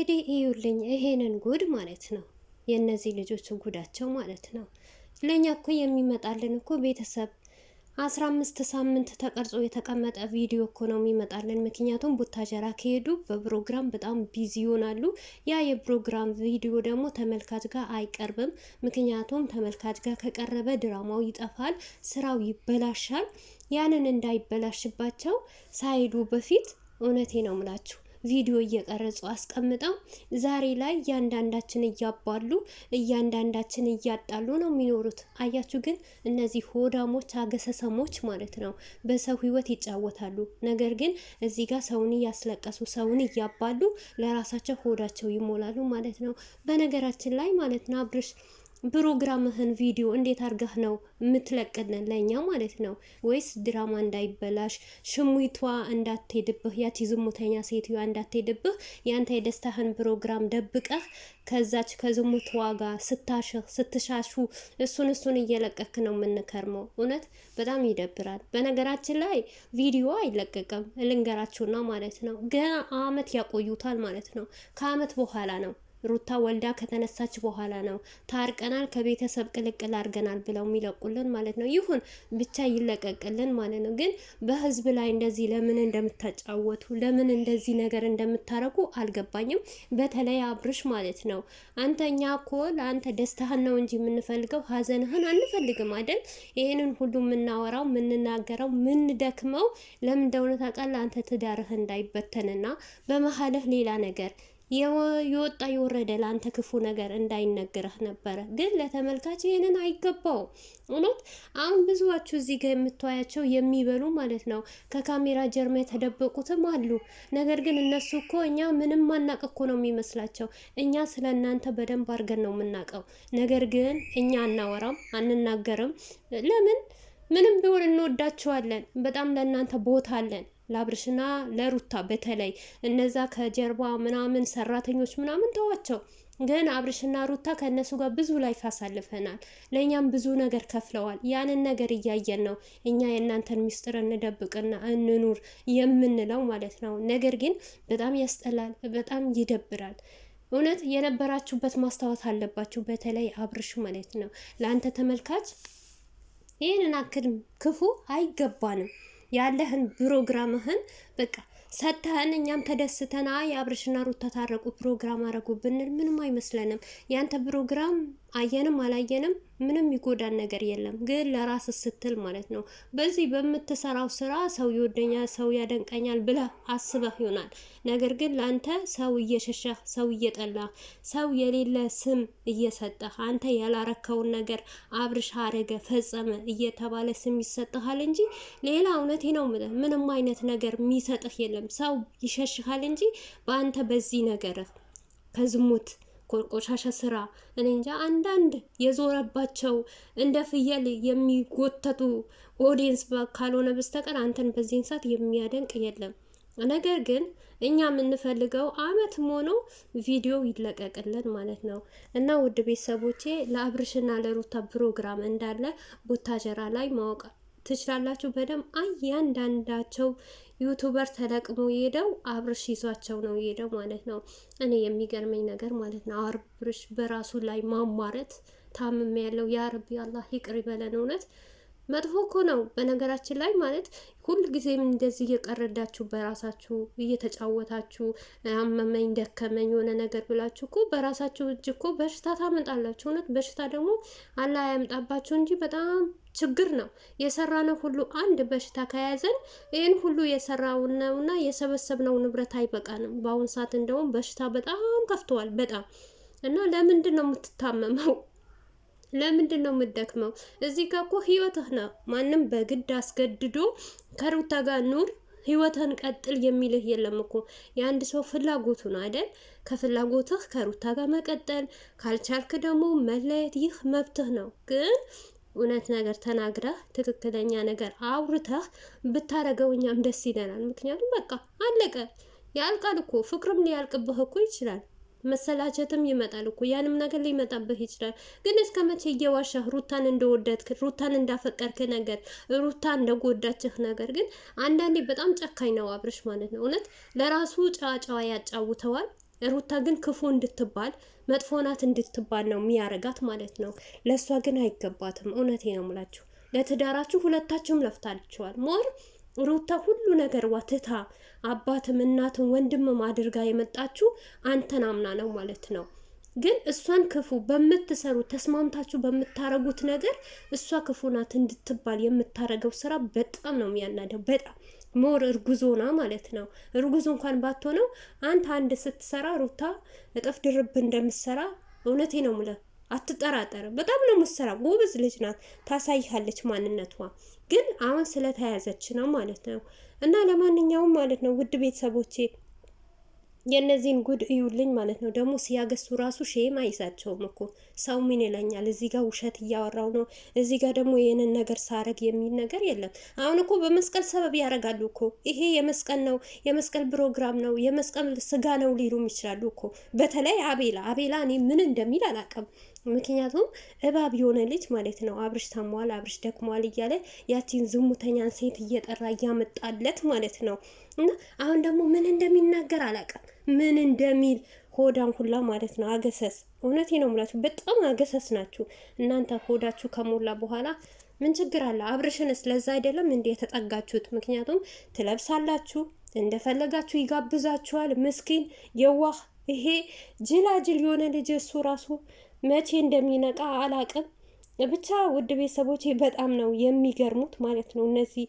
እንግዲህ እዩልኝ ይሄንን ጉድ ማለት ነው። የእነዚህ ልጆች ጉዳቸው ማለት ነው። ለእኛ እኮ የሚመጣልን እኮ ቤተሰብ አስራ አምስት ሳምንት ተቀርጾ የተቀመጠ ቪዲዮ እኮ ነው የሚመጣልን። ምክንያቱም ቡታጀራ ከሄዱ በፕሮግራም በጣም ቢዚ ይሆናሉ። ያ የፕሮግራም ቪዲዮ ደግሞ ተመልካች ጋር አይቀርብም። ምክንያቱም ተመልካች ጋር ከቀረበ ድራማው ይጠፋል፣ ስራው ይበላሻል። ያንን እንዳይበላሽባቸው ሳይሄዱ በፊት እውነቴ ነው ምላችሁ ቪዲዮ እየቀረጹ አስቀምጠው ዛሬ ላይ እያንዳንዳችን እያባሉ እያንዳንዳችን እያጣሉ ነው የሚኖሩት። አያችሁ ግን እነዚህ ሆዳሞች አገሰሰሞች ማለት ነው በሰው ህይወት ይጫወታሉ። ነገር ግን እዚህ ጋር ሰውን እያስለቀሱ ሰውን እያባሉ ለራሳቸው ሆዳቸው ይሞላሉ ማለት ነው። በነገራችን ላይ ማለት ነው አብርሽ ፕሮግራምህን ቪዲዮ እንዴት አድርገህ ነው የምትለቅልን ለእኛ ማለት ነው? ወይስ ድራማ እንዳይበላሽ ሽሙቷ እንዳትሄድብህ፣ ያቺ ዝሙተኛ ሴትዮዋ እንዳትሄድብህ ያንተ የደስታህን ፕሮግራም ደብቀህ ከዛች ከዝሙቷ ጋር ስታሽህ ስትሻሹ እሱን እሱን እየለቀክ ነው የምንከርመው። እውነት በጣም ይደብራል። በነገራችን ላይ ቪዲዮ አይለቀቅም ልንገራችሁና ማለት ነው። ገና አመት ያቆዩታል ማለት ነው። ከአመት በኋላ ነው ሩታ ወልዳ ከተነሳች በኋላ ነው ታርቀናል፣ ከቤተሰብ ቅልቅል አድርገናል ብለው የሚለቁልን ማለት ነው። ይሁን ብቻ ይለቀቅልን ማለት ነው። ግን በህዝብ ላይ እንደዚህ ለምን እንደምታጫወቱ ለምን እንደዚህ ነገር እንደምታረጉ አልገባኝም። በተለይ አብርሽ ማለት ነው። አንተ እኛ እኮ ለአንተ ደስታህን ነው እንጂ የምንፈልገው ሀዘንህን አንፈልግም አይደል? ይህንን ሁሉ የምናወራው የምንናገረው የምንደክመው ለምን እንደሆነ ታውቃለህ? አንተ ትዳርህ እንዳይበተንና በመሀልህ ሌላ ነገር የወጣ የወረደ ለአንተ ክፉ ነገር እንዳይነገረህ ነበረ። ግን ለተመልካች ይህንን አይገባው። እውነት አሁን ብዙዎቹ እዚህ ጋር የምታያቸው የሚበሉ ማለት ነው ከካሜራ ጀርማ የተደበቁትም አሉ። ነገር ግን እነሱ እኮ እኛ ምንም ማናቅ እኮ ነው የሚመስላቸው። እኛ ስለ እናንተ በደንብ አድርገን ነው የምናውቀው። ነገር ግን እኛ አናወራም፣ አንናገርም። ለምን? ምንም ቢሆን እንወዳችኋለን። በጣም ለእናንተ ቦታ አለን። ለአብርሽና ለሩታ በተለይ እነዛ ከጀርባ ምናምን ሰራተኞች ምናምን ተዋቸው። ግን አብርሽና ሩታ ከእነሱ ጋር ብዙ ላይፍ አሳልፈናል። ለእኛም ብዙ ነገር ከፍለዋል። ያንን ነገር እያየን ነው እኛ የእናንተን ሚስጥር እንደብቅና እንኑር የምንለው ማለት ነው። ነገር ግን በጣም ያስጠላል፣ በጣም ይደብራል። እውነት የነበራችሁበት ማስታወስ አለባችሁ። በተለይ አብርሽ ማለት ነው። ለአንተ ተመልካች ይህንን አክል ክፉ አይገባንም። ያለህን ፕሮግራምህን በቃ ሰተህን እኛም ተደስተን አይ አብርሽና ሩት ተታረቁ ፕሮግራም አረጉ ብንል ምንም አይመስለንም። ያንተ ፕሮግራም አየንም አላየንም ምንም ይጎዳን ነገር የለም። ግን ለራስ ስትል ማለት ነው። በዚህ በምትሰራው ስራ ሰው ይወደኛል፣ ሰው ያደንቀኛል ብለህ አስበህ ይሆናል። ነገር ግን ለአንተ ሰው እየሸሸህ፣ ሰው እየጠላህ፣ ሰው የሌለ ስም እየሰጠህ፣ አንተ ያላረከውን ነገር አብርሽ አረገ፣ ፈጸመ እየተባለ ስም ይሰጥሃል እንጂ ሌላ እውነቴ ነው የምልህ ምንም አይነት ነገር የሚሰጥህ የለም። ሰው ይሸሽሃል እንጂ በአንተ በዚህ ነገር ከዝሙት ቆሻሻ ስራ እኔ እንጃ አንዳንድ የዞረባቸው እንደ ፍየል የሚጎተቱ ኦዲየንስ ካልሆነ በስተቀር አንተን በዚህን ሰዓት የሚያደንቅ የለም። ነገር ግን እኛ የምንፈልገው አመት ሆኖ ቪዲዮ ይለቀቅልን ማለት ነው። እና ውድ ቤተሰቦቼ ለአብርሽና ለሩታ ፕሮግራም እንዳለ ቡታጀራ ላይ ማወቅ ትችላላችሁ። በደንብ አያንዳንዳቸው ዩቱበር ተለቅሞ የሄደው አብርሽ ይዟቸው ነው የሄደው ማለት ነው። እኔ የሚገርመኝ ነገር ማለት ነው አብርሽ በራሱ ላይ ማማረት ታምም ያለው ያ ረቢ አላህ ይቅር ይበለን። እውነት መጥፎ እኮ ነው በነገራችን ላይ ማለት ሁል ጊዜም እንደዚህ እየቀረዳችሁ በራሳችሁ እየተጫወታችሁ አመመኝ ደከመኝ የሆነ ነገር ብላችሁ እኮ በራሳችሁ እጅ እኮ በሽታ ታመጣላችሁ። እውነት በሽታ ደግሞ አላህ ያምጣባችሁ እንጂ በጣም ችግር ነው። የሰራነው ሁሉ አንድ በሽታ ከያዘን ይህን ሁሉ የሰራነውና የሰበሰብነው ንብረት አይበቃንም። በአሁን ሰዓት እንደውም በሽታ በጣም ከፍተዋል። በጣም እና ለምንድን ነው የምትታመመው? ለምንድን ነው የምትደክመው? እዚህ ጋር እኮ ህይወትህ ነው። ማንም በግድ አስገድዶ ከሩታ ጋር ኑር ህይወትን ቀጥል የሚልህ የለም እኮ የአንድ ሰው ፍላጎቱ ነው አይደል? ከፍላጎትህ ከሩታ ጋር መቀጠል ካልቻልክ ደግሞ መለየት፣ ይህ መብትህ ነው ግን እውነት ነገር ተናግረህ ትክክለኛ ነገር አውርተህ ብታረገው እኛም ደስ ይለናል። ምክንያቱም በቃ አለቀ፣ ያልቃል እኮ ፍቅርም ሊያልቅብህ እኮ ይችላል። መሰላቸትም ይመጣል እኮ ያንም ነገር ሊመጣብህ ይችላል። ግን እስከ መቼ እየዋሻህ ሩታን እንደወደድክ ሩታን እንዳፈቀርክ ነገር ሩታ እንደጎዳችህ ነገር ግን አንዳንዴ በጣም ጨካኝ ነው አብርሽ ማለት ነው። እውነት ለራሱ ጨዋ ያጫውተዋል። ሩታ ግን ክፉ እንድትባል መጥፎ ናት እንድትባል ነው የሚያረጋት ማለት ነው። ለእሷ ግን አይገባትም። እውነቴ ነው ሙላችሁ። ለትዳራችሁ ሁለታችሁም ለፍታችኋል። ሞር ሩታ ሁሉ ነገር ዋትታ አባትም እናትም ወንድምም አድርጋ የመጣችሁ አንተን አምና ነው ማለት ነው። ግን እሷን ክፉ በምትሰሩ ተስማምታችሁ በምታረጉት ነገር እሷ ክፉ ናት እንድትባል የምታረገው ስራ በጣም ነው የሚያናደው በጣም ሞር እርጉዞና ማለት ነው። እርጉዞ እንኳን ባትሆነው አንተ አንድ ስትሰራ ሩታ እጥፍ ድርብ እንደምትሰራ እውነቴ ነው ምለ አትጠራጠር። በጣም ነው ምሰራ። ጎበዝ ልጅ ናት። ታሳይሃለች ማንነቷ ግን አሁን ስለተያዘች ነው ማለት ነው። እና ለማንኛውም ማለት ነው ውድ ቤተሰቦቼ የእነዚህን ጉድ እዩልኝ ማለት ነው። ደግሞ ሲያገሱ ራሱ ሼም አይሳቸውም እኮ ሰው ምን ይለኛል፣ እዚህ ጋር ውሸት እያወራው ነው፣ እዚህ ጋር ደግሞ ይህንን ነገር ሳረግ የሚል ነገር የለም። አሁን እኮ በመስቀል ሰበብ ያደርጋሉ እኮ ይሄ የመስቀል ነው፣ የመስቀል ፕሮግራም ነው፣ የመስቀል ስጋ ነው ሊሉም ይችላሉ እኮ። በተለይ አቤላ አቤላ እኔ ምን እንደሚል አላውቅም። ምክንያቱም እባብ የሆነ ልጅ ማለት ነው አብርሽ ታሟል፣ አብርሽ ደክሟል እያለ ያቺን ዝሙተኛን ሴት እየጠራ እያመጣለት ማለት ነው። እና አሁን ደግሞ ምን እንደሚናገር አላውቅም፣ ምን እንደሚል ሆዳን ሁላ ማለት ነው። አገሰስ እውነቴ ነው ሙላችሁ፣ በጣም አገሰስ ናችሁ እናንተ። ሆዳችሁ ከሞላ በኋላ ምን ችግር አለ? አብርሽን ስለዛ አይደለም እንዴ የተጠጋችሁት? ምክንያቱም ትለብሳላችሁ፣ እንደፈለጋችሁ ይጋብዛችኋል። ምስኪን የዋህ ይሄ ጅላጅል የሆነ ልጅ እሱ ራሱ መቼ እንደሚነቃ አላቅም። ብቻ ውድ ቤተሰቦቼ በጣም ነው የሚገርሙት ማለት ነው። እነዚህ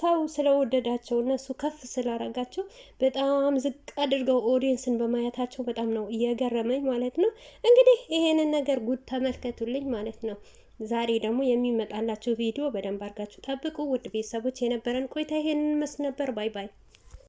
ሰው ስለወደዳቸው እነሱ ከፍ ስላረጋቸው በጣም ዝቅ አድርገው ኦዲየንስን በማየታቸው በጣም ነው እየገረመኝ ማለት ነው። እንግዲህ ይሄንን ነገር ጉድ ተመልከቱልኝ ማለት ነው። ዛሬ ደግሞ የሚመጣላችሁ ቪዲዮ በደንብ አድርጋችሁ ጠብቁ። ውድ ቤተሰቦች የነበረን ቆይታ ይሄንን መስል ነበር። ባይ ባይ።